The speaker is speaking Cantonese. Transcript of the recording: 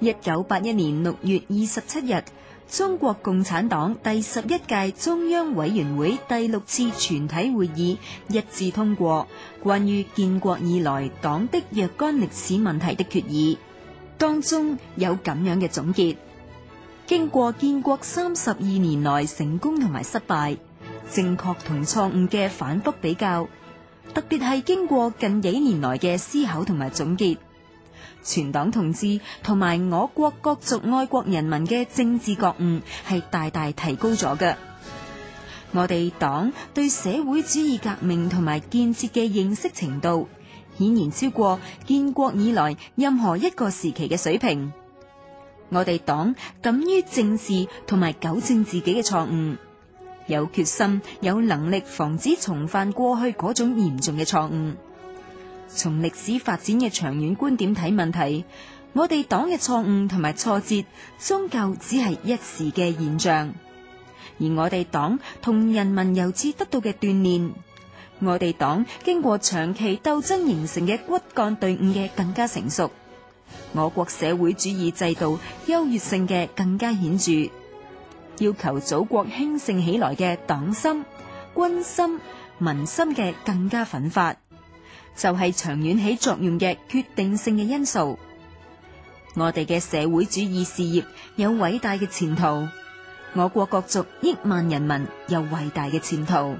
一九八一年六月二十七日，中國共產黨第十一屆中央委員會第六次全體會議一致通過關於建國以來黨的若干歷史問題的決議，當中有咁樣嘅總結：經過建國三十二年來成功同埋失敗、正確同錯誤嘅反覆比較，特別係經過近幾年來嘅思考同埋總結。全黨同志同埋我國各族愛國人民嘅政治覺悟係大大提高咗嘅。我哋黨對社會主義革命同埋建設嘅認識程度，顯然超過建國以來任何一個時期嘅水平。我哋黨敢於正視同埋糾正自己嘅錯誤，有決心、有能力防止重犯過去嗰種嚴重嘅錯誤。從歷史發展嘅長遠觀點睇問題，我哋黨嘅錯誤同埋挫折，終究只係一時嘅現象；而我哋黨同人民由此得到嘅鍛煉，我哋黨經過長期鬥爭形成嘅骨幹隊伍嘅更加成熟，我國社會主義制度優越性嘅更加顯著，要求祖國興盛起來嘅黨心、軍心、民心嘅更加奮發。就係長遠起作用嘅決定性嘅因素。我哋嘅社會主義事業有偉大嘅前途，我國各族億萬人民有偉大嘅前途。